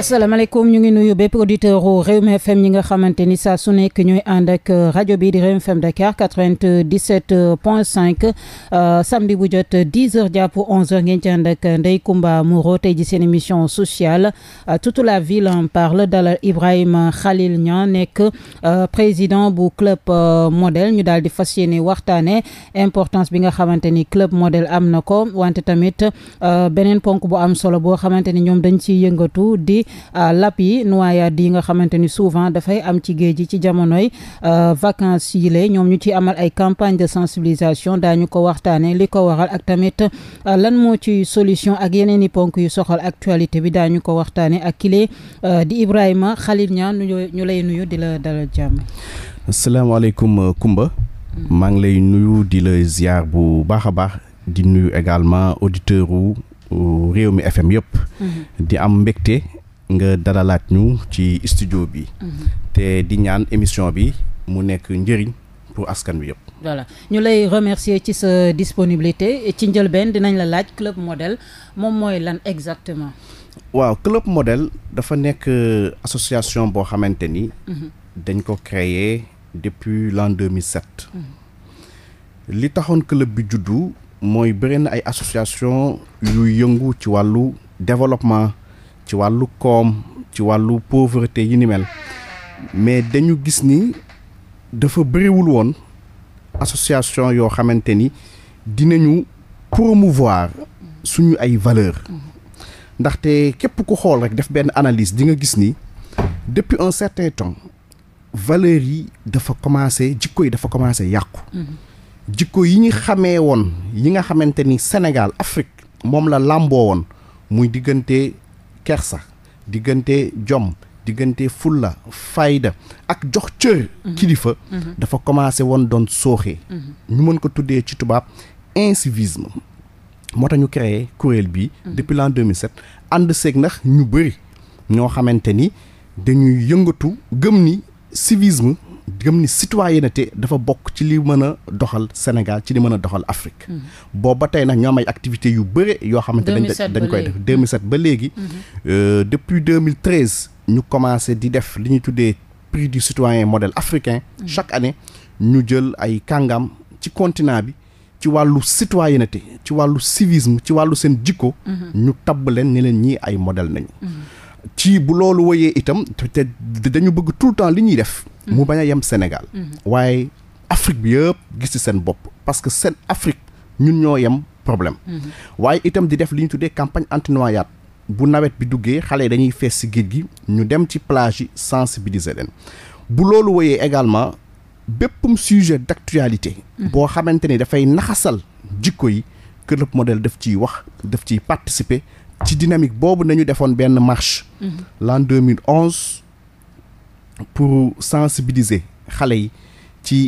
asalaamaaleykum ñu ngi nuyu bépp auditeur u Rewmi FM ñi nga xamante ni saa su nekk ñooy ànd ak euh, rajo bi di Rewmi FM Dakar 97 point 5 euh, samedi bu jot 10 heures jàpp 11 heures ngeen ci ànd ak Ndeye Comba tey ji seen émission sociale euh, toute la ville en parle dalal Ibrahima Khalil Niang nekk président bu club model ñu daal di fas yéene waxtaane importance bi nga xamante ni club modèle am na ko wante tamit beneen ponk bu am solo boo xamante ni ñoom dañ ciy yëngatu di ci lap yi noyade yi nga xamante ni souvent dafay am ci géej gi ci jamonoy euh, vacances yi la ñoom ñu ci amal ay campagne de sensibilisation daañu ko waxtaanee li ko waral ak tamit euh, lan moo ci solution ak yeneen i ponk yu soxal actualité bi daañu ko waxtaanee ak kile euh, di Ibrahima Khalil Niang ñu lay nuyu di la dalal jàmm. asalaamaaleykum Kumba. Mm. maa ngi lay nuyu di la ziar bu baax a baax di nuyu également auditeurs réew mi FM yëpp. Mm-hmm. di am mbégte nga dalalaat ñu ci studio bi. Mhm. te di ñaan émission bi mu nekk njëriñ pour askan bi yëpp. ñu lay remercier ci sa disponibilité ci njëlbeen dinañ la laaj club modèle moom mooy lan exactement. waaw club modèle dafa nekk euh, association boo xamante ni. Mhm. dañ ko créer depuis l'an 2007. Mhm. li taxoon club bi juddu mooy bëri na ay association yu yëngu ci wàllu développement. ci wàllu koom ci wàllu pauvreté yi ni mel mais dañu gis ni dafa bëriwul woon association yoo xamante ni dinañu promouvoir suñu ay valeur ndaxte képp ku xool rek def benn analyse di nga gis ni depuis un certain temps valeur yi dafa commencé jikko yi dafa commencé yàqu jikko yi ñu xamee woon yi nga xamante ni Sénégal Afrique moom la làmboo woon muy diggante kersa diggante jom diggante fulla fayda ak jox cër mhm. kilifa mhm. dafa commencé woon doon sooxee mhm. ñu mën ko tuddee ci tubaab incivisme moo tax ñu créé kuréel bi depuis l'an 2007 ànd seeg ndax ñu bëri ñoo xamante ni dañuy yëngatu gëm ni civisme gëm ni citoyenneté dafa bokk ci li mën a doxal Sénégal ci li mën a doxal Afrique. Hmm. boobu ba tey nag ñoo am ay activités yu bëre yoo xamante dañ dañ koy def 2007 ba léegi. Hmm. Hmm. Euh, depuis 2013 ñu commencé di def li ñuy tuddee prix du citoyen model africain. chaque année ñu jël ay kàngam ci continent bi. ci wàllu citoyenneté ci wàllu civisme ci wàllu seen jikko. ñu tabb leen ni leen ñii ay modèle nañu. ci bu loolu woyee itam te dañu bëgg tout le temps li ñuy def mu bañ a yem Sénégal. waaye Afrique bi yëpp gis ci seen bopp parce que seen Afrique ñun ñoo yem problème. waaye itam di def li ñu tuddee campagne anti-noyade bu nawet bi duggee xale yi dañuy fees ci géej gi ñu dem ci plage yi sensibiliser leen bu loolu woyee également béppum sujet d'actualité. boo xamante ni dafay naxasal jikko yi Kër Lëpp def ciy wax def ciy participer ci dynamique boobu nañu defoon benn marche. Mm-hmm. l'an 2011 pour sensibiliser xale yi ci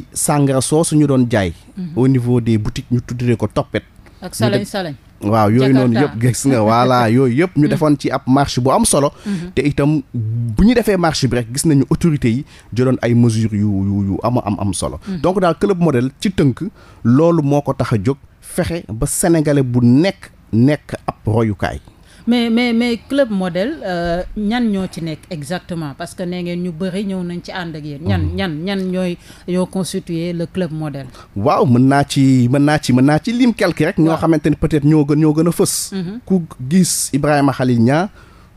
soo su ñu doon jaay. Mhm. au niveau des boutiques ñu tuddee ko toppet. ak salañ waaw yooyu noonu yëpp gis nga voilà yooyu yëpp ñu mhm. defoon ci ab marche bu am solo mhm. te itam bu ñu defee marche bi rek gis nañu autorités yi jëloon ay mesures yu yu yu ama am am solo donc daal club modèle ci tënk loolu moo ko tax a jóg fexe ba sénégalais bu nekk nekk ab royukaay mais mais mais club modèle euh, ñan ñoo ci nekk exactement parce que nee ngeen ñu bëri ñëw nañ ci ànd ak yéen. ñan mhm. ñan ñan ñooy ñoo constituer le club modèle. waaw mën naa ci mën naa ci mën naa ci lim quelque rek. ñoo xamante ni peut-être ñoo gën ñoo gën a fës. Mhm. ku gis Ibrahima Khalil Niang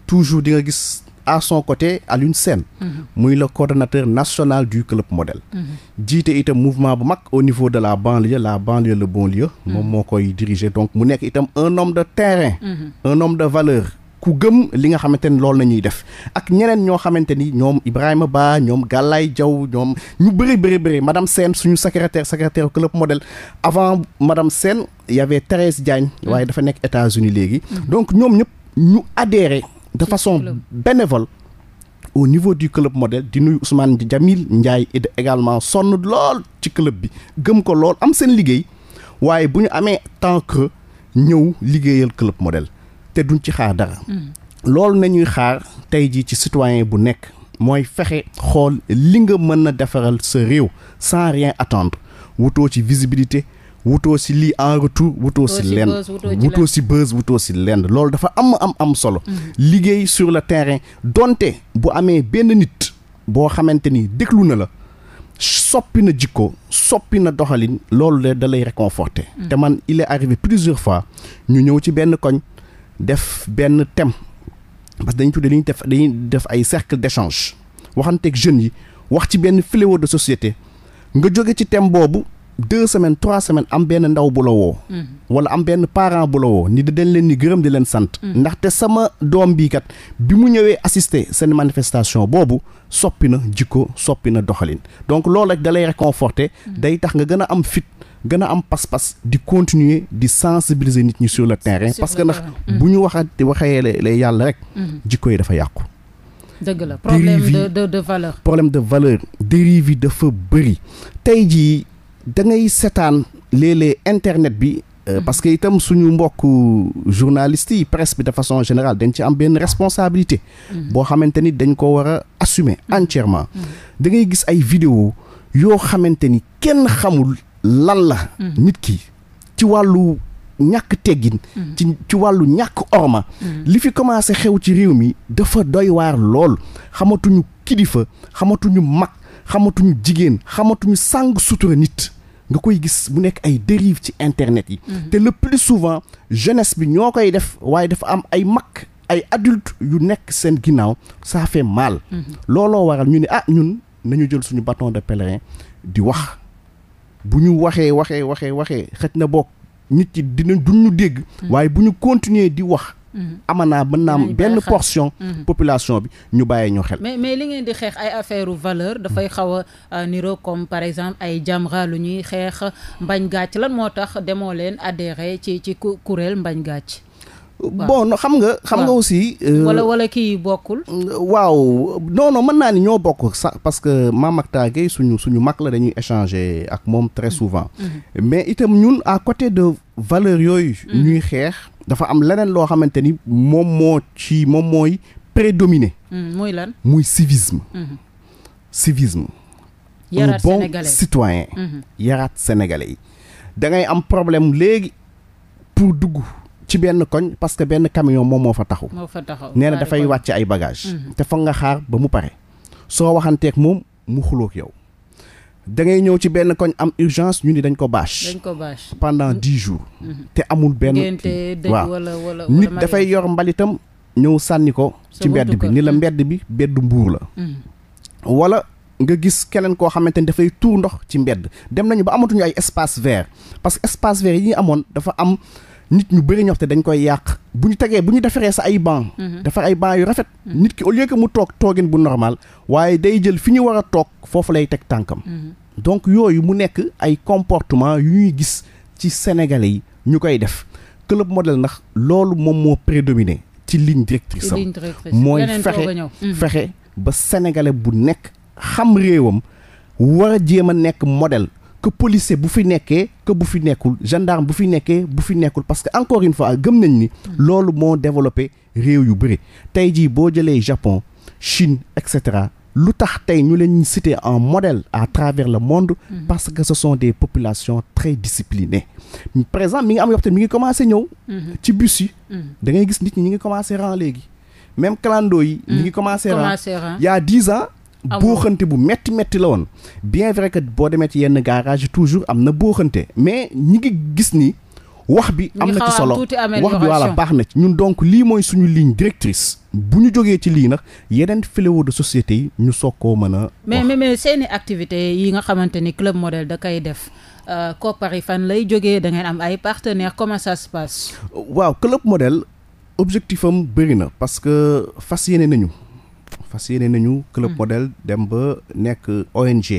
toujours di nga gis. a son côté Alioune Sène mm-hmm. muy le coordonnateur national du club modèle mm-hmm. jiite itam mouvement bu mag au niveau de la banlieue la banlieue le bon mm-hmm. moom moo koy diriger donc mu nekk itam un homme de terrain un homme de valeur ku gëm li nga xamante ni loolu la ñuy def ak ñeneen ñoo xamante ni ñoom Ibrahima Ba ñoom Galaye Diaw ñoom ñu bëri bëri bëri madame Sène suñu secrétaire secrétaire club model avant madame Sène y avait Thérèse Diagne waaye dafa nekk États-Unis léegi donc de façon bénévole au niveau du club modèle di nuyu Ousmane Jamil Ndiaye it également sonn lool ci club bi gëm ko lool am seen liggéey waaye bu ñu amee temps que ñëw liggéeyal club modèle te duñ ci xaar dara. Hmm. loolu nañuy xaar tey jii ci citoyen bu nekk mooy fexe xool li nga mën a defaral sa réew sans rien attendre wutoo ci visibilité. wutoo si lii en retour wutoo si lenn wutoo si buzz wutoo si lenn loolu dafa am am am solo mhm. liggéey sur le terrain donte bu amee benn nit boo xamante ni déglu na la soppi na jikko soppi na doxalin loolu de da lay réconforter mhm. te man il est arrivé plusieurs fois ñu ñëw ci benn koñ def benn thème parce que dañu li ñu def dañuy def ay cercle d'échange waxanteeg jeunes yi wax ci benn fléode société nga jóge ci thème boobu deux semaines trois semaines am benn ndaw bu la woo. Mm-hmm. wala am benn parent bu la woo ni dañ leen ni gërëm di leen sant. Mm-hmm. ndaxte sama doom bii kat bi mu ñëwee assister seen manifestation boobu soppi na jikko soppi na doxalin donc loolu rek da lay réconforter mm-hmm. day tax nga gën a am fit. gën a am pas-pas di continuer di sensibiliser nit ñi sur le terrain parce que ndax bu ñu waxati waxee la yàlla rek jikko yi dafa yàqu problème de de valeur problème de valeur dafa bëri tey jii da ngay seetaan léeg-léeg internet bi. Euh, mhm. parce que itam suñu mbokk journalistes yi presse bi de façon générale dañ ci am benn responsabilité. Mhm. boo xamante ni dañ ko war a assumer mhm. entièrement. da ngay gis ay vidéo yoo xamante ni kenn xamul lan la. nit ki ci wàllu ñàkk teggin. ci wàllu ñàkk orma. li fi commencé xew ci réew mi dafa doy waar lool xamatuñu kilifa xamatuñu mag. xamatuñu jigéen xamatuñu sàng sutura nit nga koy gis bu nekk ay dérive ci internet yi mhm. te le plus souvent jeunesse bi ñoo koy def waaye dafa am ay mag ay adulte yu nekk seen ginnaaw ça fait mal mhm. looloo waral ñu ne ah ñun nañu jël suñu bâton de pèlerin di wax bu ñu waxee waxee waxee waxee xëj na bokk nit yi dina duñu dégg mhm. waaye bu ñu continuer di wax Mm-hmm. amanaa mën naa am benn portion. Mm-hmm. population bi ñu bàyyi ñu xel. mais mais li ngeen di xeex ay affaire valeur dafay mm-hmm. xaw a euh, niroo comme par exemple ay Jamra lu ñuy xeex mbañ gàcc lan moo tax demoo leen adhéré ci ci ku kuréel mbañ gàcc. bon xam nga. xam nga aussi. Euh, wala wala kii bokkul. waaw non mën naa ni ñoo bokk sax parce que Mame Mactar suñu suñu mag la dañuy échanger ak moom très souvent. Mm-hmm. Mm-hmm. mais itam ñun à côté de valeur yooyu. Mm-hmm. ñuy xeex dafa am leneen loo xamante ni moom moo ci moom mooy prédominé. muy mm, lan muy civisme. civisme. un bon citoyen. yaraat sénégalais yi da am problème léegi pour dugg. ci benn koñ parce que benn camion moom moo fa taxu moo fa taxaw nee na dafay wàcce ay bagage mhm. te foog nga xaar ba mu pare soo waxanteeg moom mu xuloog yow dangay ñëw ci benn koñ am urgence ñu ni dañ ko bâche dañ pendant dix jours mhm. te amul benn waaw nit dafay yor mbalitam ñëw sànni ko ci mbedd bi ni la mbedd bi bedd mbuur la mhm. wala nga gis keneen koo xamante ni dafay tuur ndox ci mbedd dem nañu ba amatuñu ay espace vert parce que espace vert yi ñu amoon dafa am nit ñu bëri ñoo dañ koy yàq bu ñu tegee bu ñu defaree sa ay banc mhm. defar ay banc yu rafet mhm. nit ki au lieu que mu toog toogin bu normal waaye day jël fi ñu war a toog foofu lay teg tànkam mhm. donc yooyu mu nekk ay comportement yu ñuy gis ci sénégalais yi ñu koy def club modèle ndax loolu moom moo prédominé ci ligne directrice am mooy fexe fexe ba sénégalais bu nekk xam réewam war a jéem a nekk model que policier bu fi nekkee que bu fi nekkul gendarme bu fi nekkee bu fi nekkul parce que encore une fois gëm nañ ni loolu moo développé réew yu bëri tey jii boo jëlee Japon Chine et cetera lu tax tey ñu leen cité en modèle à travers le monde mhm. parce que ce sont des populations très disciplinées par exemple mi ngi am yoo xam mi ngi commencé ñëw mhm. ci bus yi mhm. da ngay gis nit ñi ñu ngi commencé ran léegi même clando yi ñi ngi commencé ran il y a dix buuxante bu metti metti la woon bien vrai que boo demee ci yenn garage toujours am na buuxante mais ñi ngi gis ni wax bi am na ci solo wax bi walla baax na ci ñun donc lii mooy suñu ligne directrice bu ñu jógee ci lii nag yeneen fléau de société yi ñu soog koo mën a mais mais mais seeni activité yi nga xamante ni club modèle da koy def euh, koppar fan lay jógee da ngeen am ay partenaires comment ça se waaw club modèle objectif am bëri na parce que fas yéene nañu fas yéene nañu club mm. modèle dem ba nekk ONG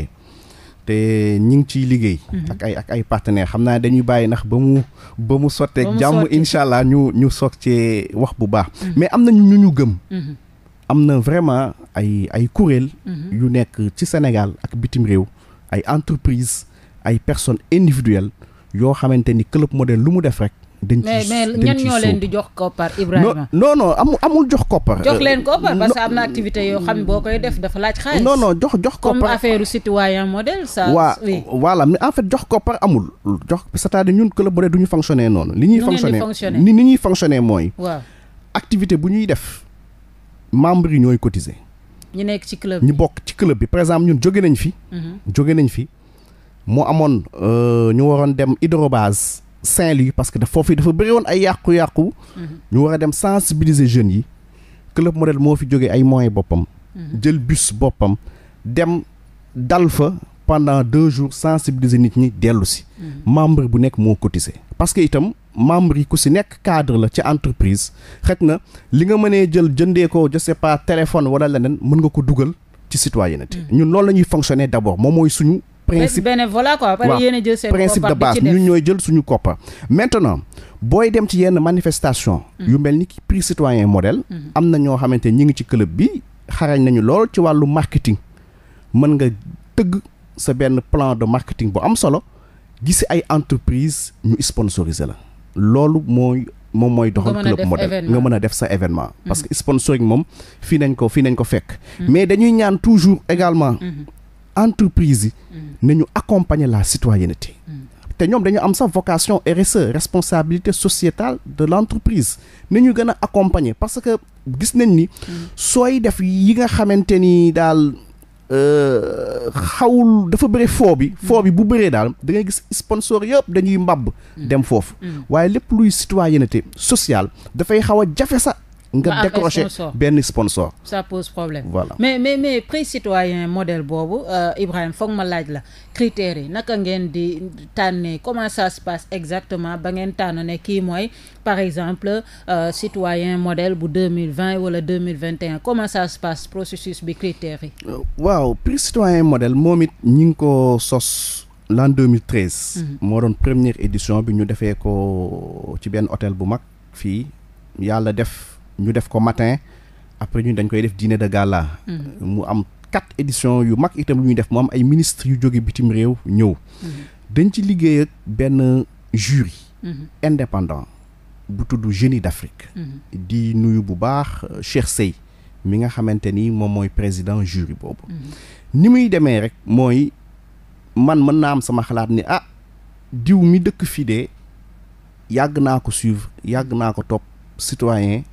te ñi ngi ciy liggéey mm-hmm. ak ay ak partenaires xam naa dañuy bàyyi ndax ba mu ba mu sotteek jàmm incha allah ñu ñu soog cee wax bu baax mm-hmm. mais am na ñu ñu gëm mm-hmm. am na vraiment ay ay kuréel yu nekk ci Sénégal ak bitim réew ay entreprise ay personnes individuelles yoo xamante ni club modèle lu mu def rek dañ ci mais mais ñoo leen di jox koppar Ibrahima. non non amul jox koppar. jox euh, leen koppar parce que am na activité yoo xam boo koy def dafa laaj xaalis. non non jox jox koppar comme affaire citoyen modèle ça. waa voilà mais en fait jox koppar amul. jox cest à ñun club bu dee du ñu fonctionner noonu. li ñuy fonctionner ni ñuy fonctionner mooy. waaw activité bu ñuy def membres yi ñooy cotiser. ñu nekk ci club bi ñu bokk ci club bi par exemple ñun jóge nañ fi. Mhm. jóge nañ fi moo amoon euh, ñu waroon dem hydrobase. Saint-Louis parce que da foofu dafa bëri woon ay yàqu-yàqu. Mhm. ñu war a dem sensibiliser jeunes yi. club modèle moo fi jógee ay moyens boppam. Mhm. jël bus boppam dem dal fa pendant deux jours sensibiliser nit ñi dellu si. Mhm. membre bu nekk moo cotisé. parce que itam membre yi ku si nekk cadre la ci entreprise xëj na li nga mënee jël jëndee ko je sais pas téléphone wala leneen mën nga ko dugal ci citoyenneté ñun loolu la ñuy fonctionner d'abord moom mooy suñu. principe bénévolat quoi pare yéen jël seen principe de base ñun ñooy jël suñu koppa maintenant booy dem ci yenn manifestation mm. yu mel ni ki prix citoyen modèle mm. am na ñoo xamante ñi ngi ci club bi xarañ nañu lool ci wàllu marketing mën nga tëgg sa benn plan de marketing bu am solo gisi ay entreprise ñu sponsoriser la loolu mooy moom mooy doxal club modèle nga mën a def sa événement mm. parce que sponsoring moom fii nañ ko fii nañ ko fekk mais dañuy ñaan toujours également mm-hmm. entreprise yi mm. nañu accompagner la citoyenneté mm. te ñoom dañu am sax vocation RSE responsabilité sociétale de l'entreprise ni ñu gën a accompagner parce que gis nañ ni mm. sooy def yi nga xamante ni daal euh, xawul dafa bëri foo bi foo bi bu bëree daal da ngay gis sponsor yëpp dañuy mbabb dem foofu waaye lépp luy citoyenneté sociale dafay xaw a jafe sax nga décrocher benn sponsor. ça pose problème mais mais mais prix citoyen modèle boobu euh, Ibrahima foog ma laaj la critères yi naka ngeen di tànnee comment ça se exactement ba ngeen tànn ne kii mooy par exemple euh, citoyen modèle bu deux mille vingt wala deux mille vingt et un comment ça se passe bi critères yi. Euh, waaw prix citoyen modèle moom it ñi ngi ko sos. l'an 2013. Mhm. moo doon première édition bi ñu defee ko ci benn hôtel bu mag fii yàlla def. ñu def ko matin après ñu dañ koy def dîner de gala mm. mu am quatre éditions yu mag itam yu ñu def mu am ay ministres yu jóge bitim réew ñëw mm-hmm. dañ ci liggéey benn jury mm-hmm. indépendant bu tudd Génie d'Afrique mm-hmm. di nuyu bu baax euh, Cheikh Sey mi nga xamante ni moom mooy président jury boobu ni muy demee rek mooy man mën naa am sama xalaat ni ah diw mi dëkk fii de yàgg naa ko suivre yàgg naa ko topp citoyen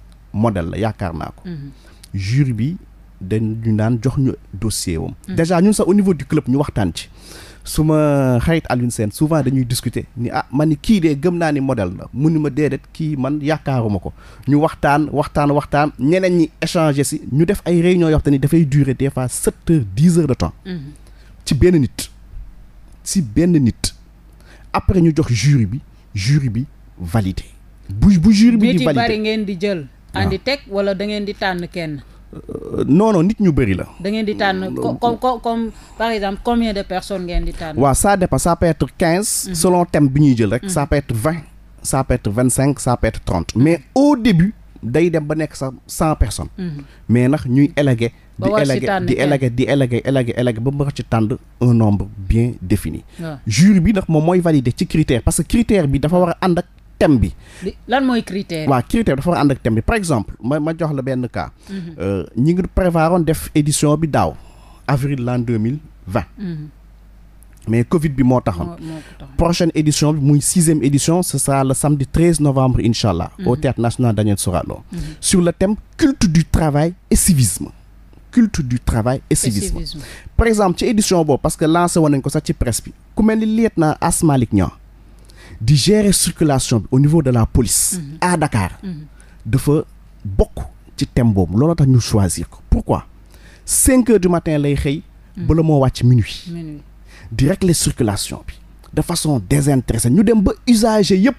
modèle la yaakaar naa ko. Mhm. jury bi dañu naan jox ñu dossier wam. Mhm. déjà ñun sax au niveau du club ñu waxtaan ci. su ma xarit Alioune Sène souvent dañuy discuter ni ah man ni kii de gëm naa ni modèle la mu ni ma déedéet kii man yaakaaruma ko ñu waxtaan waxtaan waxtaan ñeneen ñi échangé si ñu def ay réunion yoo te ni dafay durer des fois sept heures dix de temps. Mhm. ci benn nit. si benn nit. après ñu jox jury bi jury bi validé. bu bu jury bi di validé ngeen di jël. andi teg wala da ngeen di tànn kenn. Euh, non non nit ñu bëri la. da ngeen di tànn comme euh, comme comme par exemple combien de personnes ngeen di tànn. waaw ça dépend ça peut être quinze. Mhm. selon thème bi ñuy jël rek. Mhm. ça peut être vingt ça peut être vingt cinq ça peut trente mais mhm. au début. day dem ba nekk sa cent personnes. mais ndax ñuy élaguer. di élaguer di élaguer di élaguer élaguer élaguer ba mën ci tànn un nombre bien défini. jury bi ndax moom mooy valider ci critère parce que critère bi dafa war a ànd ak thème bi. lan mooy critère waaw critère dafa war ànd ak thème bi par exemple ma ma jox la benn cas. Mhm. Euh, ñi ngi prévaroon def édition bi daaw avril l'an deux mille vingt. Mhm. mais Covid bi moo taxoon. prochaine édition bi muy sixième édition ce sera le samedi treize novembre incha allah. Mhm. au théâtre national Daniel Sorano. sur le thème culte du travail et civisme. culte du travail et civisme. par exemple ci édition boobu parce que lancé woon nañ ko sax ci presse bi ku mel ni lieutenant Asmalik Niang. di gérer circulation bi au niveau de la police. Mhm. à Dakar. Mhm. dafa bokk ci thème boobu looloo tax ñu choisir ko pourquoi cinq heures du matin lay xëy. Mhm. bala moo wàcc minuit. di régler circulation bi. de façon désintéressée ñu dem ba usager yëpp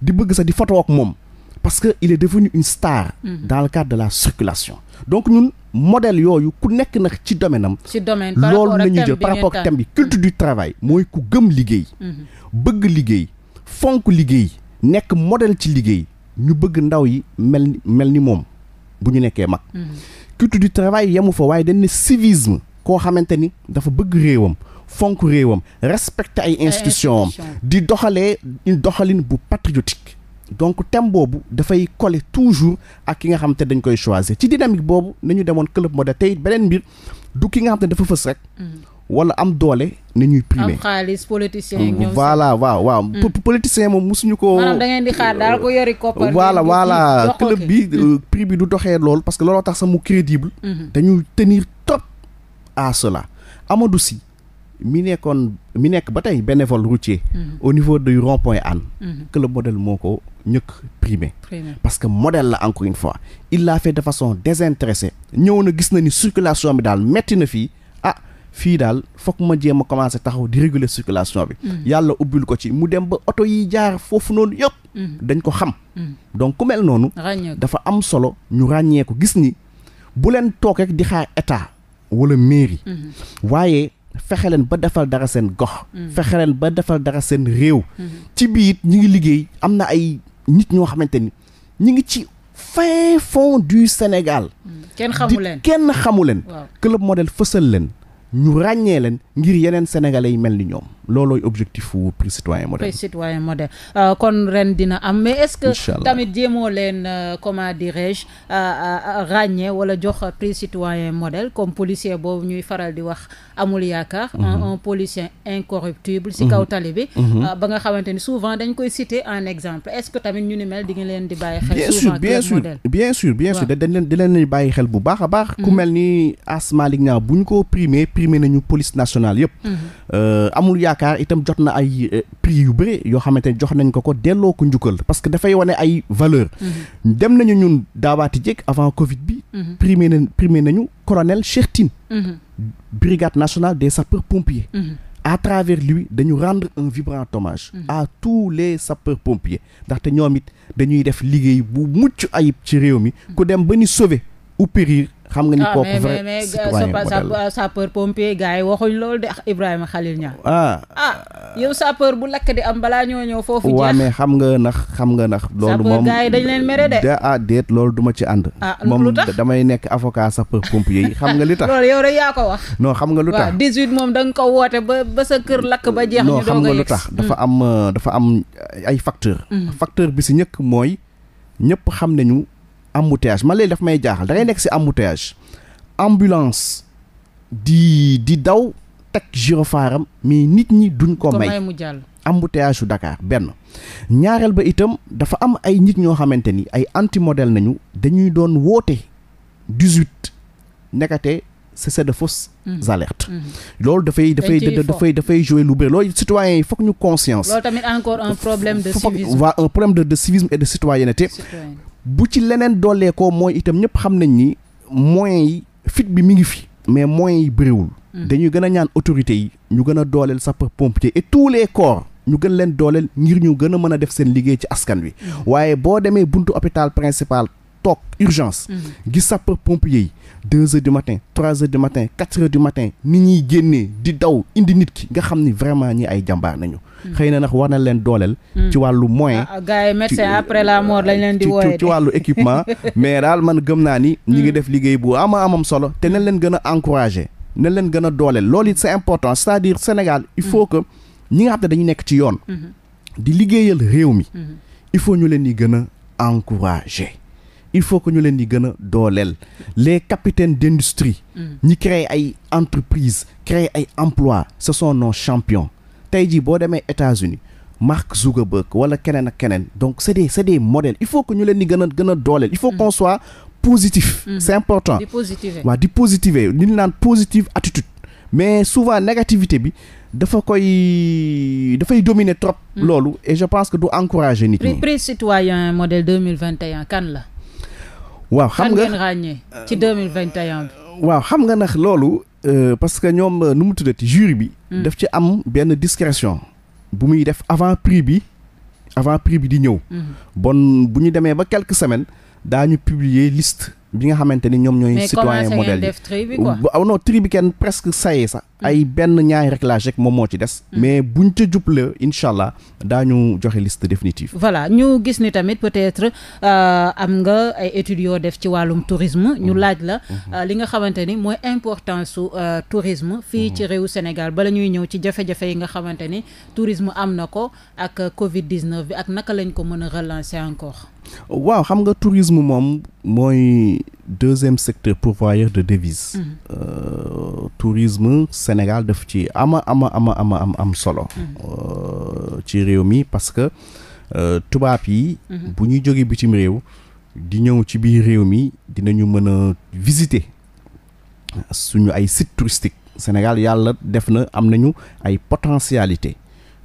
di bëgg sax di fatoo ak moom parce que il est devenu une star. dans le cadre de la circulation. donc ñun modèle yooyu ku nekk nag ci domaine am. ci domaine par rapport ak thème loolu la ñuy par rapport ak bi culte du travail. mooy ku gëm liggéey. bëgg liggéey. fonk liggéey nekk modèle ci liggéey ñu bëgg ndaw yi mel mel ni moom bu ñu nekkee mag. culture mhm. du travail yemu fa waaye dañ ne koo xamante ni dafa bëgg réewam fonk réewam respecté ay institution am di doxalee doxalin bu patriotique donc thème boobu dafay coller toujours ak ki nga xam te dañ koy choisir ci dynamique boobu nañu demoon club Med tey beneen mbir du ki nga xam te dafa fës rek mhm. wala am doole na ñuy primer. am xaalis politicien yi waaw waaw. Hmm. politicien moom mosuñu ko. maanaam ko yori koppar. voilà bi hmm. euh, prix bi du doxee lool parce que looloo tax sa mu crédible. dañuy hmm. tenir trop à cela Amadou Sy mi nekkoon mi nekk ba tey bénévole routier. au niveau du rond-point Anne. que le modèle moo ko ñëkk primé. parce que model la encore une fois il l'a fait de façon désintéressée ñëw na gis na ni circulation bi daal metti na fii. fii daal foog ma jéem a commencé taxaw di réguler circulation bi. Mm. yàlla ubbil ko ci mu dem ba oto yi jaar foofu noonu yëpp. Mm. dañ ko xam. Mm. donc ku mel noonu. dafa am solo ñu ràññee ko gis ni bu leen toog rek di xaar état wala mairie. Mm-hmm. waaye fexe leen ba defal dara seen gox. fexe leen ba defal dara seen réew. Mm-hmm. ci biir ñi ngi liggéey am na ay nit ñoo xamante ni ñi ngi ci. fin fond du Sénégal. kenn xamu leen kenn xamu leen. club model fësal leen. ñu ràññee leen ngir yeneen sénégalais yi mel ni ñoom. loolooy objectif wu prix citoyen moderne. prix citoyen euh, kon ren dina am mais est-ce que tamit jéemoo leen euh, comment dirais-je ràññee wala jox prix citoyen modèle comme policier boobu ñuy faral di wax amul yaakaar. un mhm. policier incorruptible. ci mhm. kaw tali bi. Mhm. Euh, ba nga xamante ni souvent dañ koy citer en exemple est-ce que tamit ñu ni mel di nga leen di bàyyi xel. souvent bien sûr bien sûr bien sûr dañ leen di leen di bàyyi xel bu baax a baax. ku mel ni Asmalik Niang bu ñu ko primé primé nañu police nationale yëpp. amul Dakar itam jot na ay eh, prix yu bëri yoo xamante ne jox nañ ko ko delloo ko njukkal parce que dafay wane ay valeur mhm. dem nañu ñun daawaati jéeg avant Covid bi. Mhm. primé nañ primé nañu colonel Cheikh Tine. Mhm. brigade nationale des sapeurs pompiers. à travers lui dañu rendre un vibrant hommage à tous les sapeurs pompiers ndaxte ñoom it dañuy def liggéey bu mucc ayib ci réew mi ku dem ba ni sauver ou xam nga ni ah, kooku vrai mais mais sapeur pompier gars yi waxuñ loolu de Ibrahima Khalil Niang ah ah yow sapeur bu lakk di am balaa ñoo ñëw foofu jeex waaw xam nga nax xam nga nax loolu moom gars yi dañ ah, loolu du ci ànd ah moom damay nekk avocat sapeur pompier yi xam nga li tax loolu yow xam nga lu tax waaw 18 moom da ko woote ba ba sa kër lakk ba jeex ñu doog nga yegg lu tax dafa mm. am euh, dafa am ay facteur mm. facteur bi si ñëkk mooy ñëpp xam nañu embouteillage man léegi daf may jaaxal da nekk si embouteillage ambulance di di daw teg gyrophare am mais nit ñi duñ ko may mu jàll embouteillage su dakaar benn ñaareel ba itam dafa am ay nit ñoo xamante ni ay anti nañu dañuy doon woote dix-huit nekkate c'est de fausses mhm. alertes. Mhm. loolu dafay dafay dafay dafay jouer lu bëri loolu citoyens yi foog ñu conscience. loolu encore un problème de civisme. et de citoyenneté. bu ci leneen doolee ko mooy itam ñëpp xam nañ ni moyens yi fit bi mi ngi fi mais moyens yi bëriwul mm. dañuy gën a ñaan autorités yi ñu gën a dooleel sapeur pompier et tous les corps ñu gën leen dooleel ngir ñu gën a mën a def seen liggéey ci askan wi mm. waaye boo demee buntu hôpital principal toog urgence mm. gis sapeur pompier yi deux heures du matin trois heures du matin quatre heures du ni ñuy génnee di daw indi nit ki nga xam ni vraiment ñi ay jàmbaar nañu Mm. xëy na nax war na leen dooleel. Mm. ci wàllu moyen. Ah, ah, gars yi médecin après la mort lañ leen di wooyee ci wàllu équipement. mais daal man gëm naa ni. ñi ngi mm. def liggéey bu ama amam solo te nañ leen gën a encouragé. nañ leen gën a dooleel loolu it c'est important c'est-à-dire Sénégal il faut que ñi nga xam ne dañu nekk ci yoon. Mm-hmm. di liggéeyal réew mi. Mm-hmm. il faut ñu leen di gën a encouragé. il faut que ñu leen di gën a dooleel les capitaines d'industrie. ñi créer ay entreprises créer ay emplois ce sont nos tey jii boo demee États-Unis Mark Zuckerberg wala keneen ak keneen donc c'est des c'est des modèles il faut que ñu leen di gën a gën a dooleel il faut mm. qu'on soit positif mm-hmm. c'est important waaw di positiver li naan positive attitude mais souvent négativité bi dafa koy dafay dominer trop mm. loolu et je pense que du encourager nit ñi prix citoyen modèle 2021 kan la waaw xam nga kan ci 2021 waaw xam nga nag loolu Euh, parce que ñoom euh, nu mu tuddati jury bi. Hmm. def ci am benn discrétion. bu muy def avant prix bi avant prix bi di ñëw. Hmm. bon bu ñu demee ba quelques semaines daañu publier liste. bi nga xamante ni ñoom ñooy citoyen modèle yi aw non tri bi kenn presque saye sax mm. ay benn ñaari réglage rek moom moo ci des mm. mais bu buñ ca juble incha allah daañu joxe liste définitive voilà ñu gis ni tamit peut-être euh, am nga ay études yoo def ci wàllum tourisme ñu mm. laaj la mm-hmm. euh, li nga xamante ni mooy importance su euh, tourisme fii ci mm-hmm. réewu Sénégal bala ñuy ñëw ci jafe-jafe yi nga xamante ni tourisme am na ko ak Covid 19 bi ak naka lañ ko mën a relancer encore waaw xam nga tourisme moom mooy deuxième secteur pourvoyeur de devises. Mm -hmm. euh, tourisme Sénégal def ci ama ama ama ama am am solo. Mm-hmm. Euh, ci réew mi parce que euh, tubaab yi. Mm-hmm. bu ñuy jógee bitim réew. di ñëw ci biir réew mi dinañu mën a visiter suñu ay sites touristiques Sénégal yàlla def na am nañu ay potentialité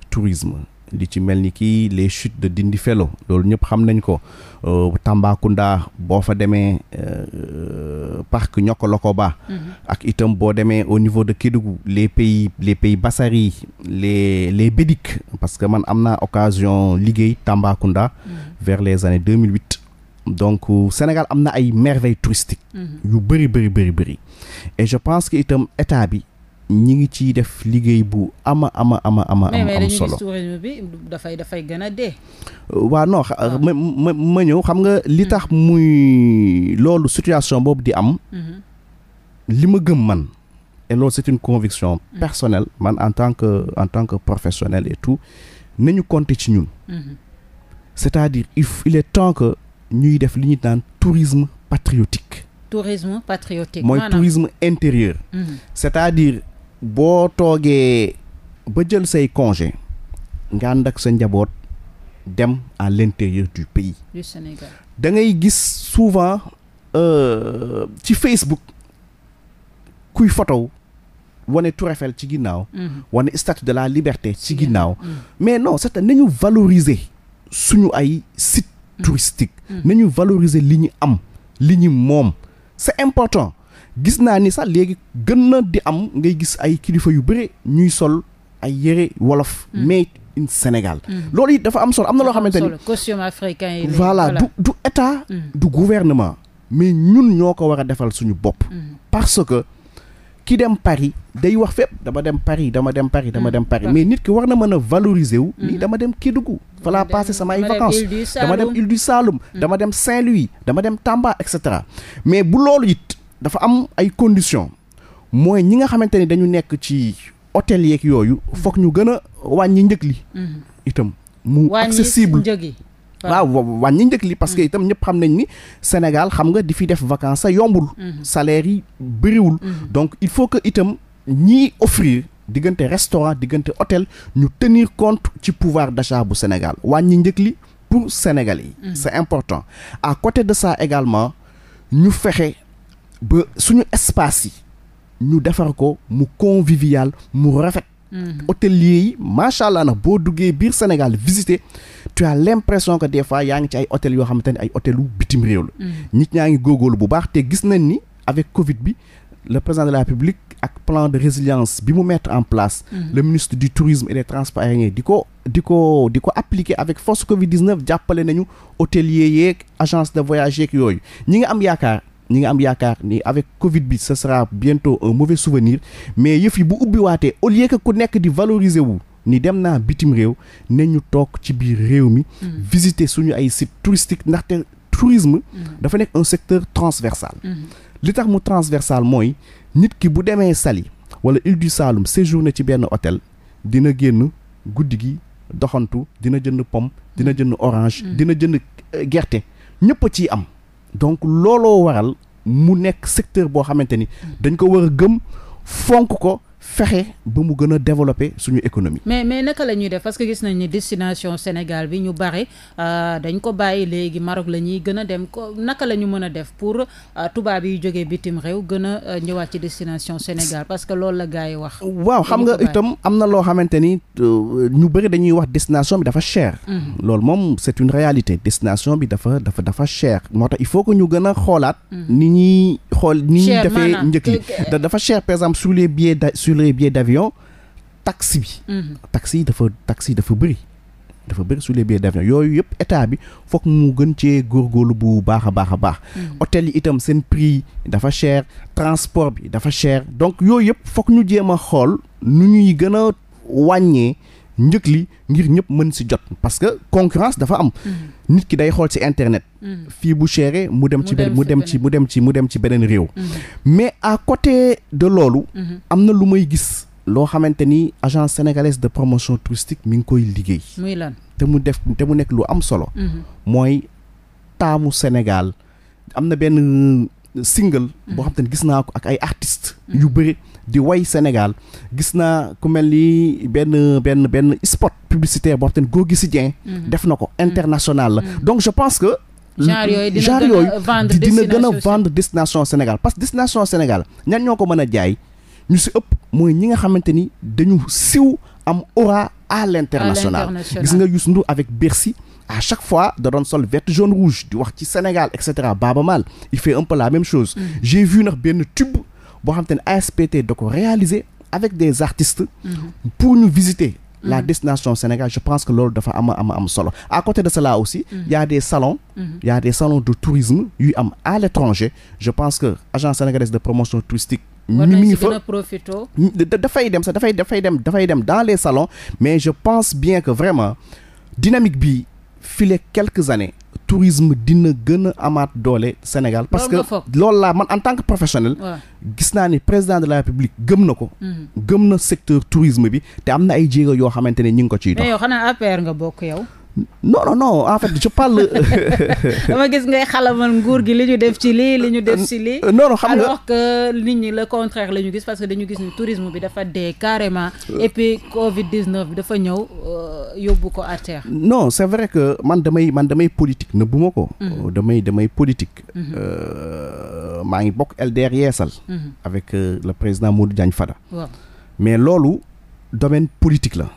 tourisme. di ci mel ni kii les chutes de dindi felo loolu ñëpp xam nañ ko euh, Tambacounda boo fa demee euh, parc Niokolo-Koba mm-hmm. ak itam boo demee au niveau de Kédougou les pays les pays Bassari les les Bédik parce que man am naa occasion liggéey Tambacounda mm-hmm. vers les années 2008 donc euh, Sénégal am na ay merveilles touristiques mm-hmm. yu bëri bëri bëri bëri et je pense que itam état bi ñi ngi ciy def liggéey bu ama ama ama ama am solo mais dafay dafay gën a dee. Euh, waaw non ah. ma ma ma ñëw xam nga li hmm. tax muy loolu situation boobu di am. Hmm. li ma gëm man. et loolu c'est une conviction hmm. personnelle man en tant que en tant que professionnel et tout nañu compter ci ñun. c'est-à-dire il est temps que ñuy def li ñuy naan tourisme patriotique. tourisme patriotique. mooy tourisme intérieur. c'est-à-dire. boo toogee ba jël say congé nga ànd ak sa njaboot dem à l'intérieur du pays dangay gis souvent euh, ci Facebook kuy photo wane Tour ci ginnaaw mhm. wane statue de la liberté ci ginnaaw mhm. mais non c'est nañu valoriser suñu ay site mhm. touristique nañu valoriser li ñu am li ñu moom c'est important gis naa ni sax léegi gën na di am ngay gis ay kilifa yu bëre ñuy sol ay yëre wolof. Mm. mais in Sénégal. Mm. loolu it dafa am solo am na loo xamante ni costume africain yi voilà du du état. Mm. du gouvernement. mais ñun ñoo ko war a defal suñu bopp. parce que ki dem Paris day wax fépp dama dem Paris dama dem Paris dama dem Paris mais nit ki war na mën a wu. nii dem Kédougou. fa passé sama ay vacances dama dama dem Saint-Louis dama dem Tamba et cetera mais bu loolu it. dafa am ay conditions mooy ñi nga xamante ni dañu nekk ci hôtel yeeg yooyu foog ñu gën a wàññi njëg li mhm. itam mu accessible waaw wàññi njëg li parce que mhm. itam ñëpp xam nañ ni Sénégal xam nga di fi def vacances sa yombul mhm. salaire yi bëriwul donc il faut que itam ñiy offrir diggante restaurant diggante hôtel ñu tenir compte ci pouvoir d'achat bu Sénégal wàññi njëg li pour sénégal yi c'est important à côté de ça également ñu fexe ba suñu espace yi ñu defar ko mu convivial mu rafet. Mhm. hôteliers yi macha allah na boo duggee biir Sénégal visiter tu as l'impression que des fois yaa ngi ci ay hôtel yoo xamante ne ay hôtelu bitim réew la. Mhm. nit ñaa ngi góogóorlu bu baax te gis nañ ni avec Covid bi le président de la République ak plan de résilience bi mu mettre en place. Mhm. le ministre du tourisme et des transports aériens di ko di ko di ko appliquer avec force Covid 19 jàppale nañu hôteliers yeeg agence de voyage yeeg yooyu ñi nga am yaakaar. ñi ngi am yaakaar ni avec Covid bi ce sera bientôt un mauvais souvenir mais yëf yi bu ubbiwaatee au lieu que ku nekk di valoriser wu ni dem naa bitim réew ne ñu toog ci biir réew mi. Mm. visiter suñu ay sites touristiques ndaxte tourisme. Mm. dafa nekk un secteur transversal. Mm. li tax mu transversal mooy nit ki bu demee Saly wala Île du Saloum séjourné ci benn hôtel dina génn guddi gi doxantu dina jënd pomme dina jënd orange. dina jënd euh, gerte ñëpp ciy am. donc looloo waral mu nekk secteur boo xamante ni dañ ko war a gëm fonk ko fexe ba mu gën a développer suñu économie. mais mais naka la ñuy def parce que gis nañ ni destination Sénégal bi ñu bari euh, dañ ko bàyyi léegi Maroc la ñuy gën a dem ko naka la ñu mën a def pour euh, tubaab yi jógee bitim réew gën a euh, ñëwaat ci destination Sénégal parce que loolu la gars yi wax. waaw xam nga itam am na loo xamante ni ñu bari dañuy wax destination bi dafa cher. Mm-hmm. lool moom c'est une réalité destination bi dafa dafa dafa cher moo tax il faut que ñu gën a xoolaat. Mm-hmm. ni les billets d'avion taxe bi mm-hmm. taxe yi dafa taxe yi dafa bëri dafa bëri sur les d'avion yooyu yëpp état bi foog mu gën cee góorgóorlu bu baax a baax a baax mm-hmm. hôtel yi itam seen prix dafa cher transport bi dafa cher donc yooyu yëpp foog ñu jéem a xool nu ñuy gën a wàññee njëg li ngir ñëpp mën si jot parce que concurrence dafa am mm-hmm. nit ki day xool si internet mm-hmm. fii bu chere mu dem ci benn mu dem ci mu dem ci mu dem ci beneen réew mm-hmm. mais à côté de loolu am na lu may gis loo xamante ni agent sénégalaise de promotion touristique mi ngi koy liggéey muy lan te mu def te mu nekk lu am solo mooy taamu Sénégal am na benn euh, single boo xam te ne gis naa ko ak ay artist yu bëri di way Sénégal gis naa ku mel ni benn benn benn spot publicitaire boo xam ne Gorgui Sy Dieng mhm. def na ko mhm. international la mhm. donc je pense que genre yooyu dina gën a vendre destination Sénégal parce que destination Sénégal ñan ñoo ko mën a jaay ñu si ëpp mooy ñi nga xamante ni dañu siw am aura à l'international gis nga Youssou ndu avec Bercy à chaque fois da doon sol vert jaune rouge di wax ci Sénégal et cetera Baaba Maal il fait un la même chose j'ai vu nag benn boo xam te ne ASPT da ko réaliser avec des artistes mhm. pour ñu visiter mhm. la destination Sénégal je pense que loolu dafa ama ama am solo à côté de cela aussi mhm. y a des salons y a des salons de tourisme yuy am à l'étranger je pense que agence sénégalaise de promotion touristique mi ngi dafay dem sax dafay dafay dem dafay dem dans les salons mais je pense bien que vraiment dynamique bi file quelques années tourisme dina gën amaat doole Sénégal parce que loolu laa man en tant que professionnel gis naa ni président de la République gëm na ko mhm. gëm na secteur tourisme bi te am na ay jéego yoo xamante ne ñi ngi ko ci dox xanaa APR nga bokk yow non non non en fait je parle. dama gis ngay xalamal nguur gi li ñu def ci lii li ñu def ci lii. Euh, non xam nga alors que nit ñi la contraire la ñu gis parce que dañu gis ni tourisme bi dafa dee carrément. Euh. et puis Covid 19 bi dafa ñëw euh, yóbbu ko à terre. non c' est vrai que man damay man damay politique nëbbu ma ko. Mhm. damay damay politique. Mhm. maa ngi bokk LDR Yeesal. Mhm. avec le président Modou Diagne Fada. mais loolu domaine politique la.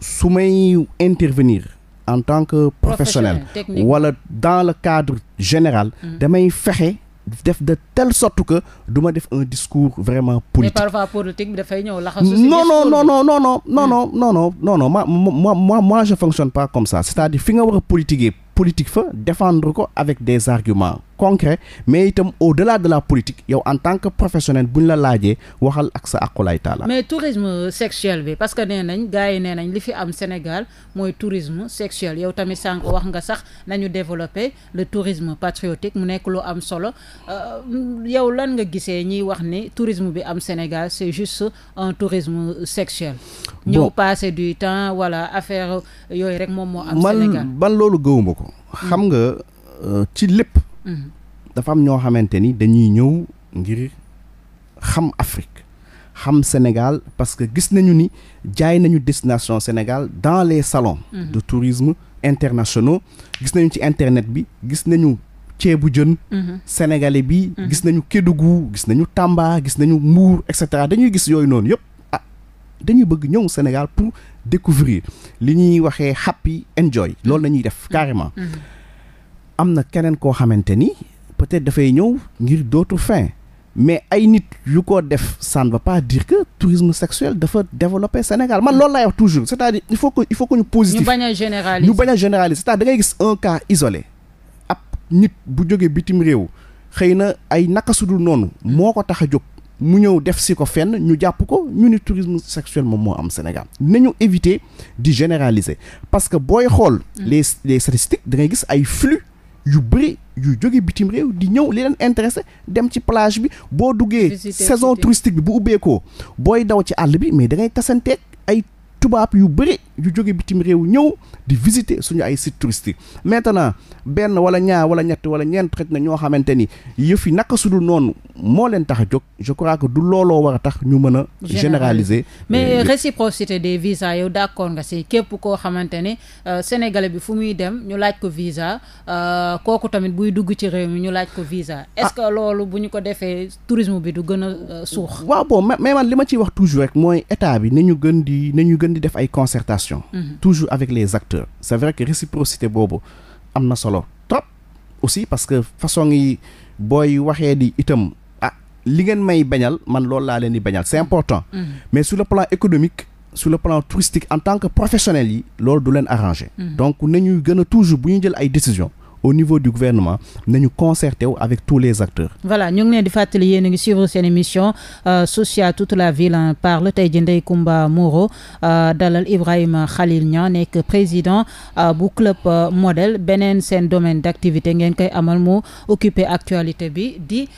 su may intervenir en tant que professionnel wala dans le cadre général mm-hmm. damay fexe def de telle sorte que du ma def un discours vraiment politique. mais parfois politique bi dafay ñëw laxasu si non non non non non non mm. non non non non ma moi moi moi je fonctionne pas comme ça cest fi nga war a politiquer politique fa defendre ko avec des arguments concret mais itam au delà de la politique yow en tant que professionnel bu ñu la laajee waxal ak sa aqulaay taala mais tourisme sexuel bi parce que nee nañ gars yi nee nañ li fi am Sénégal mooy tourisme sexuel yow tamit sànq wax nga sax nañu développer le tourisme patriotique mu nekk lu am solo euh, yow lan nga gisee ñiy wax ni tourisme bi am Sénégal c'est juste un tourisme sexuel ñëw bon. du temps voilà affaire yooyu rek moom moo am Sénégal man ban loolu gëwuma ko xam euh, Mm-hmm. dafa am ñoo xamante ni dañuy ñëw ngir xam Afrique xam Sénégal parce que gis nañu ni jaay nañu destination Sénégal dans les salon mmh. de tourisme internationaux gis nañu ci internet bi gis nañu ceebu jën mm-hmm. sénégalais bi mm-hmm. gis nañu Kédougou gis nañu Tamba gis nañu Mbour et cetera dañuy gis yooyu noonu yëpp ah, dañuy bëgg ñëw Sénégal pour découvrir li ñuy waxee happy enjoy loolu la def carrément am na keneen koo xamante ni peut-être dafay ñëw ngir d'autres fin mais ay nit yu ko def ça ne va pas dire que tourisme sexuel dafa développer Sénégal man loolu laay wax toujours c'est-à-dire il faut que il faut que ñu positif ñu bañ a c'est-à-dire da ngay gis un cas isole ab nit bu jógee bitim réew xëy na ay naka noonu moo ko tax a jóg mu ñëw def si ko fenn ñu jàpp ko ñu ni tourisme sexuel moom moo am Sénégal nañu éviter di généraliser parce que booy xool mm. les les statistiques da ngay gis ay flux yu bëri yu jóge bitim réew di ñëw li leen intéressé dem ci plage bi boo duggee saison touristique bi bu ubbeekoo booy daw ci àll bi mais da ngay tasanteeg ay tubaab yu bëri yu jóge bitim réew ñëw di visiter suñu ay sites touristiques maintenant benn wala ñaar wala ñett wala ñeent xëj na ñoo xamante ni yëf yi naka sudul noonu moo leen tax a jóg je crois que du looloo war a tax ñu mën a généraliser euh, mais réciprocité des visas yow d'accord nga si képp koo xamante ni euh, sénégale bi fu muy dem ñu laaj ko visa euh, kooku tamit buy dugg ci réew mi ñu laaj ko visa ah. est-ce que loolu bu ñu ko defee tourisme bi du gën a suux waaw bon mais man li ma ciy wax toujours rek mooy état bi nañu gën di nañu gën di def ay concertation relation toujours avec les acteurs c'est vrai que réciprocité boobu am na solo trop aussi parce que façon yi booy waxee di itam ah li ngeen may bañal man lool laa leen di bañal c'est important mm-hmm. mais sur le plan économique sur le plan touristique en tant que professionnel yi loolu du leen arranger mm-hmm. donc nañuy gën toujours bu ñu jël ay décisions au niveau du gouvernement nañu concerté wu avec tous les acteurs. voilà ñu ngi leen di fàttali yéen ngi suivre seen émission euh, sociale toute la ville en parle tey jii Ndeye Comba Moreau euh, dalal Ibrahima Khalil Niang nekk président euh, bu club modèle beneen seen domaine d' activité ngeen koy amal mu occupé actualité bi di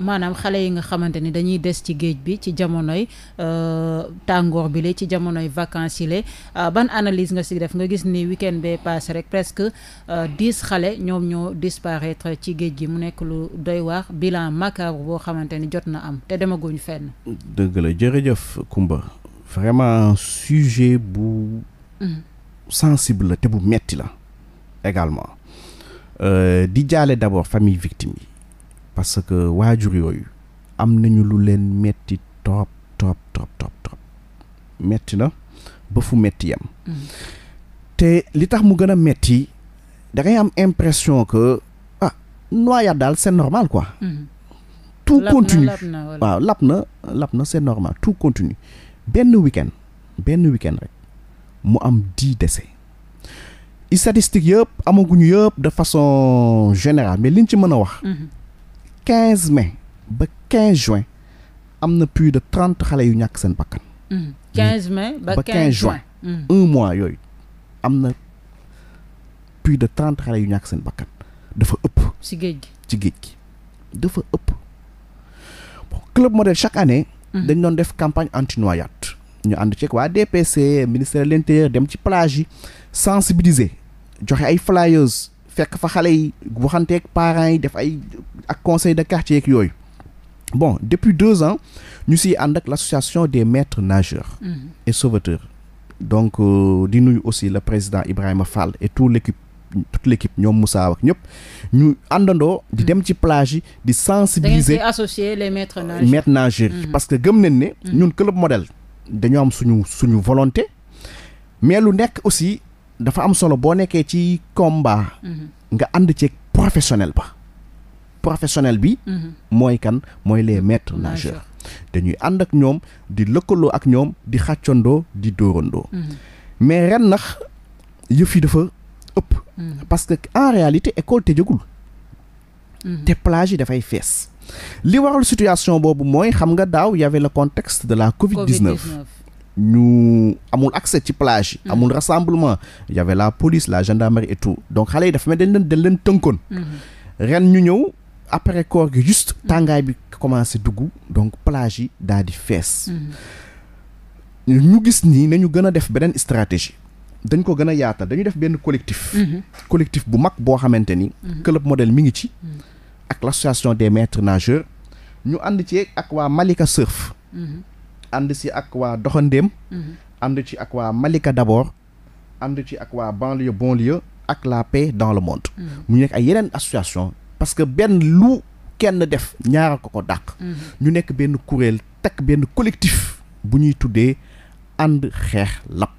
maanaam xale yi nga xamante ni dañuy des ci géej bi ci jamonoy tàngoor bi la ci jamonoy vacances yi la ban analyse nga si def nga gis ni week-end presque dix. xale ñoom ñoo disparaître ci géej gi mu nekk lu doy waax bilan macabre boo xamante ni jot na am te demaguñu fenn. dëgg la jërëjëf Kumba vraiment sujet bu. Mm. sensible la te bu metti la également euh, di jaale d'abord famille victime yi parce que waajur yooyu am nañu lu leen metti trop trop trop trop trop metti na ba fu metti yam mm. te li tax mu gën a metti da ngay am impression que ah noyade daal c'est normal quoi. Hmm. tout continue waaw lap na lap na c'est normal tout continue benn week benn week-end rek mu am dix décès i statistiques yëpp amaguñu yëpp de façon général mais liñ ci mën a wax. Hmm. quinze mai ba juin am na plus de trente xale yu ñàkk seen bakkan. Hmm. quinze mai ba juin. mois yooyu am plus de trente xale yu ñàkk seen bakkan dafa ëpp. ci géej gi ci géej gi dafa ëpp. bon club modèle chaque année. Mhm. dañ doon def campagne anti ñu ànd ceeg waa DPC ministère de l'intérieur dem ci plage yi sensibiliser joxe ay flyers fekk fa xale yi waxanteeg parent yi def ay ak conseil de quartier yeeg yooyu. bon depuis ans ñu siy ànd ak l'association des maîtres nageurs. Mhm. et sauveteurs. donc euh, di nuyu aussi le président Ibrahima Fall et toute l'équipe toute l' ñoom Moussa ak ñëpp ñu àndandoo di dem ci plage yi di sensibiliser associer les maîtres nageurs mm-hmm. parce que gëm nañ ne mm-hmm. ñun club modèle dañoo am suñu suñu volonté mais lu nekk aussi dafa am solo boo nekkee ci combat mm-hmm. nga ànd ci professionnel ba professionnel bi mooy kan mooy les maîtres nageurs dañuy ànd ak ñoom di lëkkaloo ak ñoom di xàccandoo di dóorandoo mais ren nag dafa ëpp Mm. parce que en réalité école te jógul mm-hmm. te plage yi dafay fees li waral situation boobu mooy xam nga daaw y la contexte de la covid 19 ñu amul accès ci plage mm. amul rassemblement y la police la gendarmerie et tout donc xale yi dafa mel dañ leen tënkoon mm-hmm. ren ñu ñëw après koor gi juste mm-hmm. tàngaay bi commencé dugg donc plage daa daal di fees ñu gis nii nañu gën a def beneen stratégie dañ ko gën a yaatal dañuy def benn collectif. Mhm. collectif bu mag boo xamante ni. Mhm. club modèle mi ngi ci. Mhm. ak l' association des maîtres nageurs. ñu ànd ci ak waa Malika surf. ànd si ak waa Doxandéem. ànd ci ak waa Malika d' abord. ànd ci ak waa banlieue banlieue ak la paix dans le monde. mu nekk ay yeneen association parce que benn lu kenn def ñaaral ko ko dàq. ñu nekk benn kuréel takk benn collectif bu ñuy tuddee ànd xeex lapp.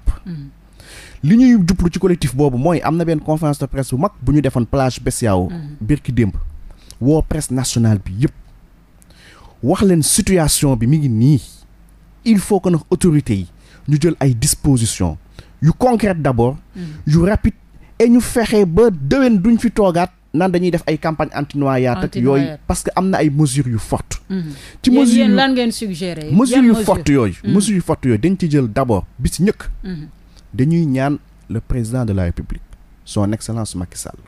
li ñuy jublu ci collectif boobu mooy am na benn conférence de presse bu mag bu ñu defoon plage BCEAO mm-hmm. birki démb woo presse nationale bi yëpp wax leen situation bi mi ngi nii il faut que na autorité yi ñu jël ay dispositions yu concrètes d'abord mm-hmm. yu rapide et ñu fexe ba déwén duñ fi toogaat nan dañuy def ay campagne anti-noyade yooyu parce que am na ay mesures yu fort mm-hmm. ci mesures yu lan ngeen suggéré mesures yu yooyu mesures yu fortes yooyu dañ ci jël d'abord bi si ñëkk dañuy ñaan le président de la république son excellence Macky Sall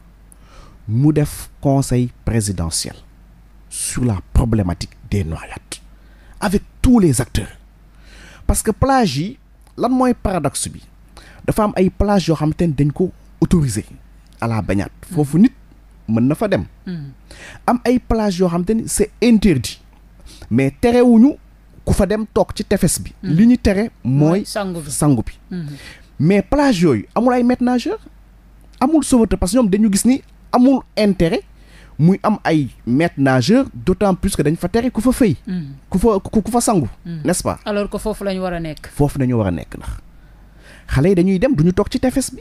mu def conseil présidentiel sur la problématique des noyades avec tous les acteurs parce que plage yi lan mooy paradoxe bi dafa am ay plage yoo xamante ni dañ ko autorisé à la mm. foofu nit mën na fa dem mm. am ay plage yoo xamante ni c'est interdit mais terewuñu ku fa dem toog ci tefes bi mm. li ñu tere mooy sangu bi mm-hmm. mais plage yooyu amul ay maîtres nageurs amul sauveteur parce que ñoom dañu gis ni amul intérêt muy am ay maîtres nageurs d'autant plus que dañ fa tere ku fa fëy. Hmm. ku fa ku fa sangu. Hmm. n'est-ce pas. alors que foofu la ñu war a nekk. foofu la war a nekk ndax xale yi dañuy dem du ñu toog ci tefes bi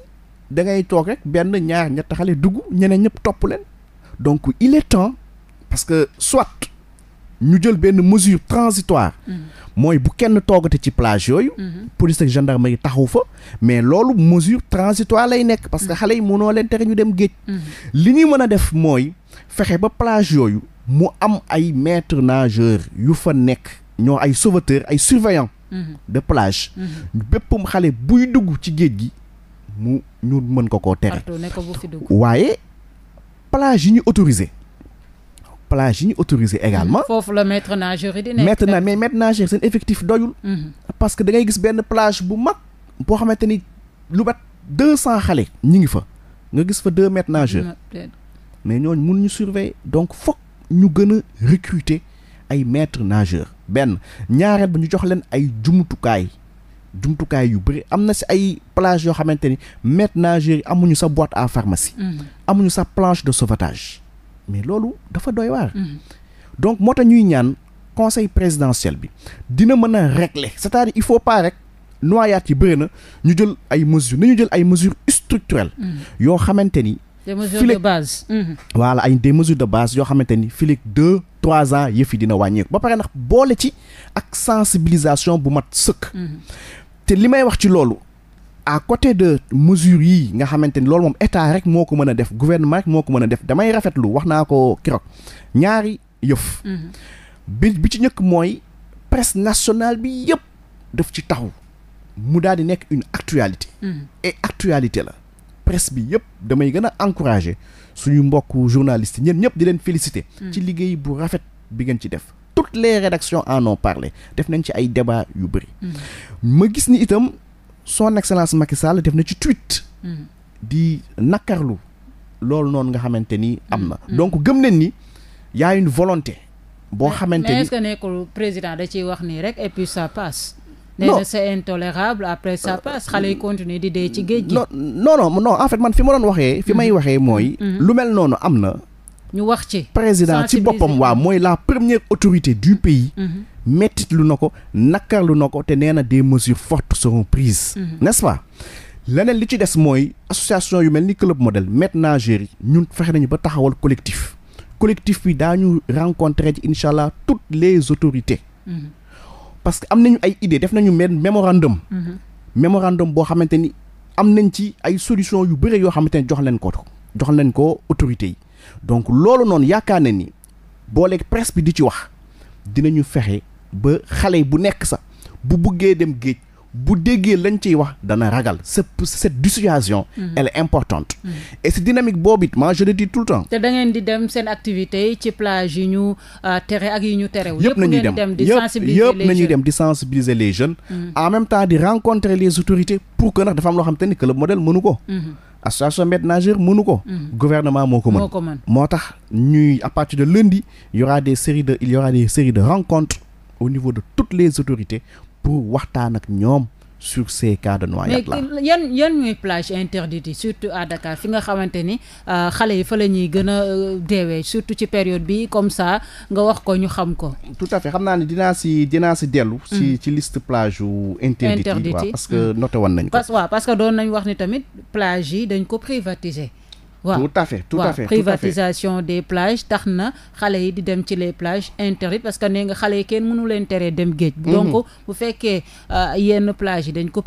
da ngay toog rek benn ñaar ñett xale dugg ñeneen ñëpp topp leen donc il est temps parce que soit. ñu jël benn mesure transitoire mm-hmm. mooy bu kenn toogate ci plage yooyu mm-hmm. police ak gendarme yi taxaw fa mais loolu mesure transitoire lay nekk parce que mm-hmm. xale yi mënoo leen tere ñu dem géej li ñuy mën a def mooy fexe ba plage yooyu mu am ay maître nageur yu fa nekk ñoo ay sauveteur ay surveillant de plage bépp xale buy dugg ci géej gi mu ñu mën ko koo tere waaye plage yi ñuy autorisé plage yi ñu autorisé mhm. également. foofu la maître nageur yi di nekk maintenant mais maître nageur seen effectif doyul. Mhm. parce que da ngay gis benn plage bu mag boo xamante ni lu bat deux cent xale. ñu ngi fa nga gis fa deux maîtres nageurs. mais ñooñu mun ñu surveiller donc foog ñu gën a recruter ay maîtres benn ñaareel ba ñu jox leen ay jumtukaay. jumtukaay yu bëri am na si ay plage yoo xamante ni maître nageur yi amuñu sa boîte à pharmacie. Mhm. amuñu sa planche de sauvetage. mais loolu dafa doy waar. Mm-hmm. donc moo tax ñuy ñaan conseil présidentiel bi dina mën a régler cest à il faut pas rek noyaat yi bëri na ñu jël ay mesures nañu jël ay mesures structurelles. Mm-hmm. yoo xamante ni. des mesures de base. Mm-hmm. ay de mesures de base yoo xamante ni filig deux trois ans yëf dina wàññeeku ba pare ndax boole ci ak sensibilisation bu mat sëkk. te li may wax ci loolu. à côté de mesures yi nga xamante ni loolu moom état rek moo ko mën a def gouvernement rek moo ko mën a def damay lu wax naa ko keroog ñaari yëf. Mhm. bi bi ci njëkk mooy presse nationale bi yëpp def ci taxaw mu daal di nekk une actualité. Mhm. et actualité la. presse bi yëpp damay gën a encourager suñu mbokku journalistes ñeen ñëpp di leen féliciter. Mhm. ci liggéey bu rafet bi ngeen ci def. toutes les rédactions en non parlé def nañ ci ay débat yu bëri. ma gis ni itam. son excellence Macky Sall def na ci tweet. Hmm. di nakarlu loolu noonu nga xamante ni am na. Hmm. donc gëm nañ ni y a boo xamante ni mais est-ce que ciy wax nii rek et puis ça passe. non nee c'est intolérable après ça euh, passe xale yi continuer di dee ci géej gi. non non non en fait man fi ma doon waxee. fi may hmm. waxee mooy. lu mel noonu am na. ñu wax ci président ci boppam waa mooy la première autorité du pays. Mm mettitlu na ko nakkarlu na ko te nee na des mesures fortes seront prises mhm. nest leneen li ci des mooy association yu mel ni club modèle maître nageurs yi ñun fexe nañu ba taxawal collectif collectif bi daañu rencontrer ci incha allah toutes les autorités mhm. parce que am nañu ay idée def nañu mel mémorandum mhm. mémorandum boo xamante ni am nañ ci ay solution yu bëre yoo xamante ni jox leen ko jox leen ko autorité yi donc loolu noonu yaakaar na ni booleeg presse bi di ci wax dinañu fexe ba xale bu nekk sax bu buggee dem géej bu déggee lañ ciy wax dana ragal cette cette dissuasion mhm. elle importante mhm. et si dynamique boobu it moi je tout le temps te da ngeen di dem seen activité ci plage yi ñu euh, tere ak yi ñu terewul yëpp nañuy dem di sensibiliser les jeunes mhm. en même temps di rencontrer les autorités pour que ndax dafa am loo xam te ni club modèle mënu ko association maître nageur mënu ko gouvernement moo ko mën moo tax ñuy à partir de lundi au niveau de toutes les autorités pour waxtaan ak ñoom sur ces cas de noyade là mais yan ñooy plage interdite surtout à Dakar fi nga xamante ni euh, xale yi fa la ñuy gën a euh, deewee surtout ci période bi comme ça nga wax ko ñu xam ko. tout à fait xam naa ne dinaa si dinaa si dellu. si hmm. ci liste plage yu. interdite yi parce que hmm. noté woon nañ ko. parce parce que doon nañ wax ni tamit plage yi dañ ko privatiser. waaw tout à fait tout privatisation des plage tax na xale yi di dem ci les plages interdites parce que nee nga xale yi kenn mënu leen teree dem géej. Mhm. donc bu fekkee euh, yenn plage yi dañ ko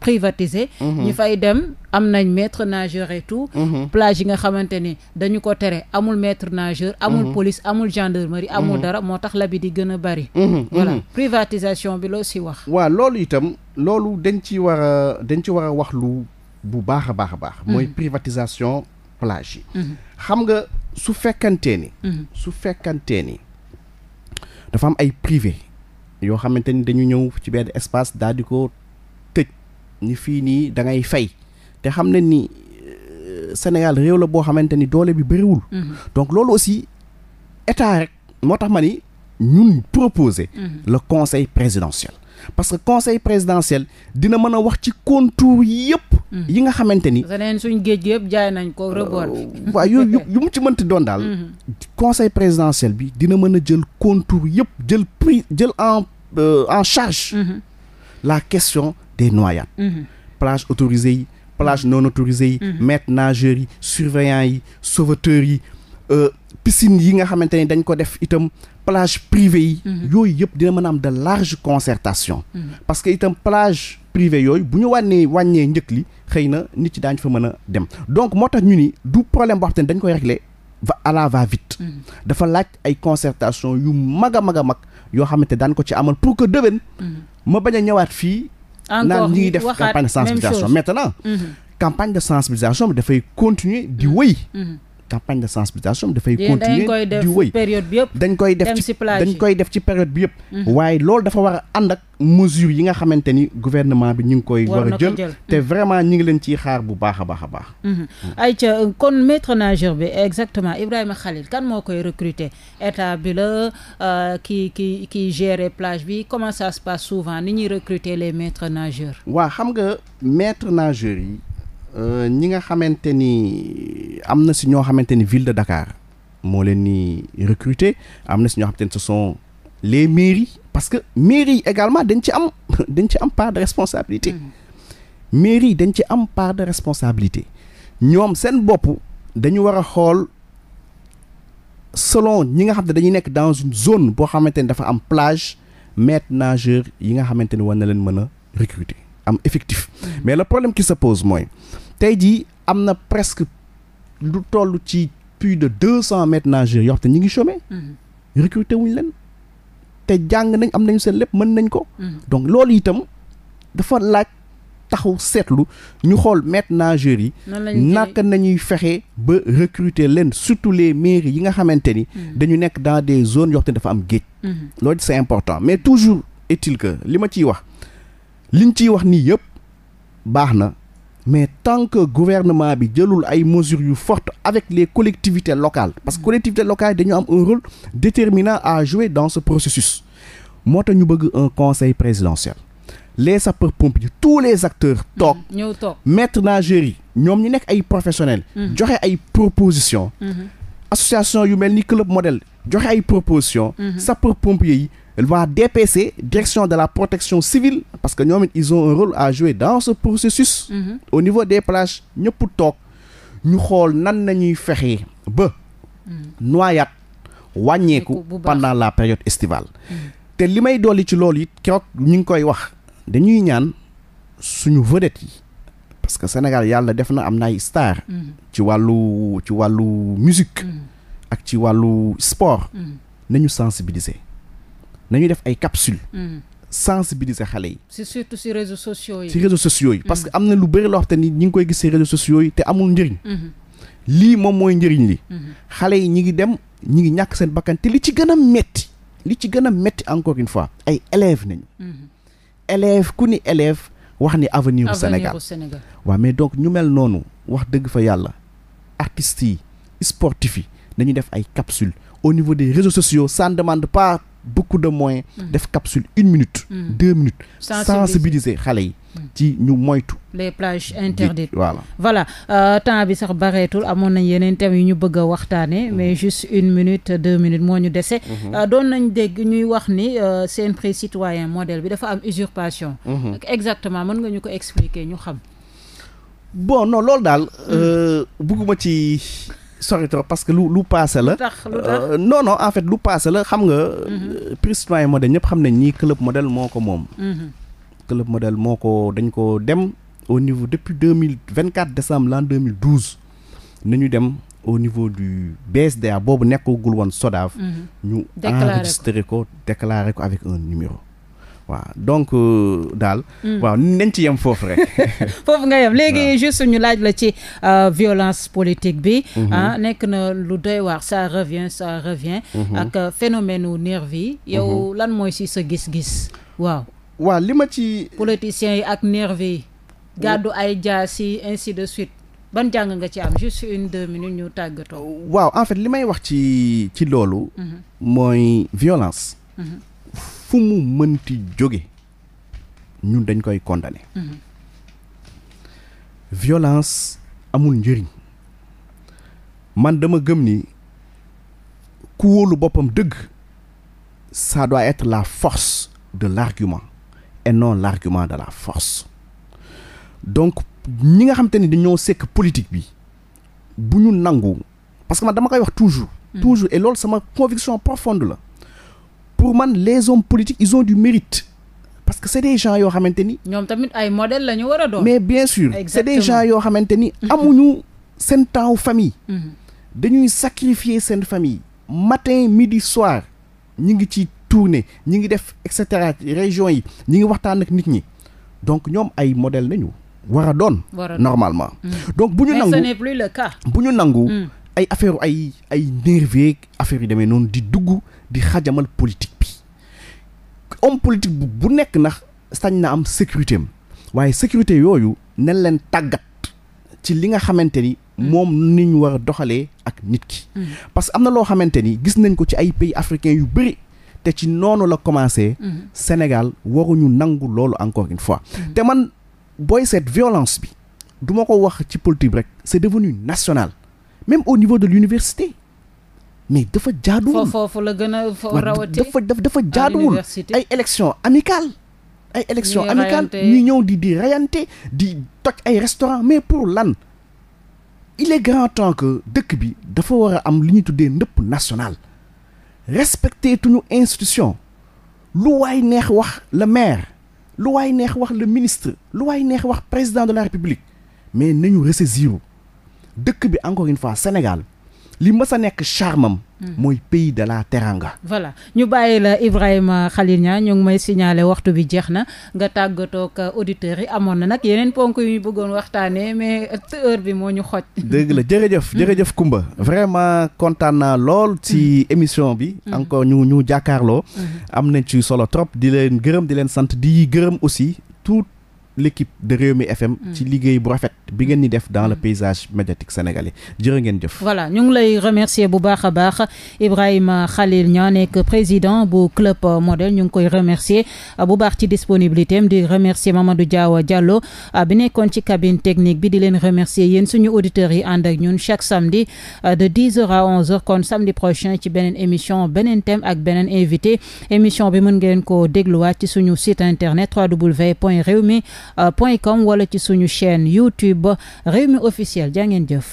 privatiser. Mhm. ñu fay dem am nañ maître nageur et tout. Mhm. plage yi nga xamante ni dañu ko tere amul maître nageur. amul police amul gendarmerie. amul dara moo tax la bi di gën a bari. voilà privatisation bi loo si wax. waa loolu itam loolu dañ ci war dañ ci war wax lu bu baax a baax a baax. mooy privatisation. plage yi mhm. xam nga su fekkantee ni mhm. su fekkantee ni dafa am ay privé yoo xamante ni dañu ñëw ci benn espace daal di ko tëj ni fii nii da ngay fay te xam na ni euh, Sénégal réew la boo xamante ni doole bi bëriwul mhm. donc loolu aussi état rek moo tax ma ni ñun proposer le conseil présidentiel parce que conseil présidentiel dina mën a wax ci contour yëpp. Hmm. yi nga xamante ni. suñ géej gi yëpp nañ ko euh, rebord bi. waaw yooyu yu mu ci mënti doon daal. Hmm. conseil présidentiel bi dina mën a jël contour yëpp jël pris jël en euh, en charge. Hmm. la question des noyades. plage autorisée yi plage non autorisée yi. maîtres nageurs yi surveillants yi sauveteurs yi euh, piscine yi nga xamante ni dañ ko def itam. plage privée yi mhm. yooyu yëpp dina mën am de large concertation mhm. parce que itam plage privé yooyu bu ñu wàññee wàññee njëkk li xëy na nit ci daañu fa mën a dem donc moo tax ñu ni du problème boo xam te ne dañ koy régler va à la va vite mhm. dafa laaj ay concertation yu mag a mag a mag yoo xamante daan ko ci amal pour que déwén ma bañ a ñëwaat fii naan ñi ngi def campagne de sensibilisation maintenant campagne de sensibilisation bi dafay continuer di wéy campagne de sensibilisation dafay continuer di wëy dañ koy def ci dañ koy def ci période bi yëpp mhm. waaye loolu dafa war a ànd ak mesure yi nga xamante ni gouvernement bi ñu ngi koy war a jël te mhm. vraiment ñu ngi leen ciy xaar bu baax a baax a baax mhm. ayca kon maître nageur bi exactement Ibrahima Khalil kan moo koy recruter état bi la euh, ki ki ki gérer plage bi comment ça se passe souvent ni ñuy recruter les maîtres nageurs waa xam nga maître nageur yi Euh, ñi nga xamante ni am na si ñoo xamante ni ville de dakaar moo leen ni recruter am na si ñoo xamante ni ce sont les mairies parce que mairie yi également dañ ci am dañ ci am part de responsabilité mmh. yi dañ ci am part de responsabilité ñoom seen bopp dañu war a xool selon ñi nga xam ne dañuy nekk dans une zone boo xamante ni dafa am plage maître nageur yi nga xamante ni war na leen mën a recruter am effectif mm-hmm. mais le problème qui se pose mooy tey jii am na presque lu toll ci plus de deux cent maîtres nageurs ñu ngi chômé. Mhm. recruter wuñ leen te jàng nañ am nañu seen lépp mën nañ ko. Mhm. donc loolu itam dafa laaj taxaw seetlu ñu xool maîtres nageurs yi. naka nañuy fexe ba recruter leen surtout les mairies yi nga xamante ni. Mhm. dañu nekk dans des zones yoo xam dafa am géej. loolu c'est important mais toujours est-il que li ma ciy wax li liñ ciy wax nii yëpp baax na. mais tant que gouvernement bi jëlul ay mesures yu fort avec les collectivités locales parce que mm-hmm. collectivités locales dañu am un rôle déterminant à jouer dans ce processus moo tax ñu bëgg un conseil présidentiel les sapeurs-pompiers tous les acteurs toog mm-hmm. ñëw toog maître nageur yi ñoom ñu nekk ay professionnels mm-hmm. joxe ay propositions association yu mel ni club modèle joxe ay propositions sapeurs-pompiers yi waa DPC direction de la protection civile parce que ñoom it ils ont un rôle à jouer dans ce processus. Mhm. au niveau des plages ñëpp toog ñu xool nan nañuy fexe ba. Mhm. noyade wàññeeku pendant la période estivale. Mhm. te li may dolli ci loolu it keroog ñu ngi koy wax dañuy ñaan suñu vedette yi. parce que Sénégal yàlla def na am na ay star ci wàllu ci wàllu musique. ak ci wàllu sport. nañu sensibiliser. nañuy def ay capsule mm. sensibiliser xale yi. si surtout si réseaux sociaux yi. parce que mm. am na lu bëri loo xam te ni ñi ngi koy gis si réseaux sociaux yi te amul njëriñ. Mm-hmm. lii moom mooy njëriñ li. Mm-hmm. xale yi ñi ngi dem ñi ngi ñàkk seen bakkan te li ci gën a metti li ci gën a metti encore une fois ay élèves nañu. Mm-hmm. élèves ku ni élève wax ni avenir bu Sénégal waaw mais donc ñu mel noonu wax dëgg fa yàlla artistes yi sportifs yi nañu def ay capsules au niveau des réseaux sociaux ça ne beaucoup de mooy mm. def capsule une minute. Mm. deux minutes. sensibiliser xale yi. Mm. ci ñu moytu. les plages interdites voilà. voilà euh, temps bi sax bareetul amoon nañ yeneen thèmes yi ñu bëgg a waxtaanee mm-hmm. mais juste une minute deux minutes moo ñu dese. Mm-hmm. Euh, doon nañ dégg ñuy wax ni euh, seen prix citoyen modèle bi dafa am usurpation. Mm-hmm. exactement mën nga ñu ko expliquer ñu xam. bon non loolu daal. bugguma ci. sori trop parce que lu lu passé la. Euh, non non en fait lu passé la xam nga. prix euh, citoyen modèle ñëpp xam ne ñii club modèle moo ko moom. Mhm. club modèle moo ko dañ ko dem au niveau depuis deux mille vingt quatre décembre l'an deux mille douze nañu dem. au niveau du BSDA boobu nekkagul woon SODAV. Mhm. ñu enregistré ko déclaré ko avec un numéro. waaw donc euh, daal. Hmm. waaw nañ ci yem foofu rek. foofu nga yem léegi juste ñu laaj la ci euh, violence politique bi. Mhm. Ah, nekk na lu doy waar ça revient ça revient. Mhm. ak euh, phénomène wu nervi yow mhm. lan mooy si sa gis-gis. waaw waaw li ma ci. politiciens yi ak nervi yi. gàddu ay jaasi ainsi de suite. ban jàng nga ci am juste une deux minutes ñu tàggatoo. waaw en fait li may wax ci ci loolu. mooy violence. fu mu mënti jóge ñun dañ koy condamné mhm. violence amul njëriñ man dama gëm ni ku wóolu boppam dëgg ça doit être la force de l'argument et non l'argument de la force donc ñi nga xam te ni dañoo sekk politique bi bu ñu nangu parce que man dama koy wax toujours mhm. toujours et loolu sama conviction profonde la pour man les hommes politiques ils ont du mérite parce que c'est des gens yoo xamante ni. ñoom tamit ay modèle la ñu war a doon. mais bien sûr Exactement. c'est des gens yoo xamante ni. amuñu seen temps famille. Mhm. dañuy sacrifier seen famille. matin midi soir ñu ngi ci tourner ñi ngi def et cetera région yi ñi ngi waxtaan ak nit ñi donc ñoom ay modèle nañu. war a doon normalement. Mmh. donc bu ñu nangu bu ñu nangu. Mhm. ay affaire ay ay nerveux affaire yu demee noonu di dugg. di xajamal politique bi homme politique bu nekk ndax sañ na am sécurité waaye sécurité yooyu nen leen tàggat ci li nga xamante ni mm. moom ni ñu war a doxalee ak nit ki. Mm. parce que am na loo xamante ni gis nañ ko ci ay pays africains yu bëri. te ci noonu la commencé. Mm. Sénégal ñu nangu loolu encore une fois. te man booy cette violence bi. duma ko wax ci politique rek. c'est devenu national même au niveau de l'université mais dafa jaaduwul foofu la gën a rawati dafa dafa jaaduwul ay élection amicale ay élection amicale ñu ñëw di di rayante di toj ay restaurant mais pour lan il est grand temps dëkk bi dafa war a am li ñuy tuddee ndëpp national respecté tuñu institution lu waay neex wax le maire lu waay neex wax la ministre lu waay neex wax président de la république mais nañu ressaisir dëkk bi encore une fois Sénégal li mës a nekk charmam hmm. mooy pays de la teranga. voilà ñu bàyyi la Ibrahima Khalil Niang ñu ngi may siñaale waxtu bi jeex na nga tàggatoo ak auditeurs yi amoon na nag yeneen ponk yu ñu bëggoon waxtaanee mais heure bi moo ñu xoj. dëgg la jërëjëf hmm. jërëjëf Kumba vraiment kontaan naa lool ci hmm. émission bi. encore ñu ñu jàkkaarloo. am nañ ci solo trop di leen gërëm di leen sant di gërëm aussi l'équipe de mi FM. Hmm. ci liggéey bu rafet bi ngeen di def dans le hmm. paysage médiatique sénégalais jërë ngeen jëf. voilà ñu ngi lay remercier bu baax a baax Ibrahima Khalil Niang nekk président bu club modèle ñu ngi koy remercier bu baax ci disponibilité am di remercier Mamadou Diaw Diallo ah, bi nekkoon ci cabine technique bi di leen remercier yéen suñu auditeurs yi ànd ak ñun chaque samedi ah, de 10h à 11h kon samedi prochain ci beneen émission beneen thème ak beneen invité émission bi mën ngeen ko dégluwaat ci suñu site internet www.rewmi Euh, point com wala ci suñu chaîne YouTube Rewmi officiel jaa ngeen jëf.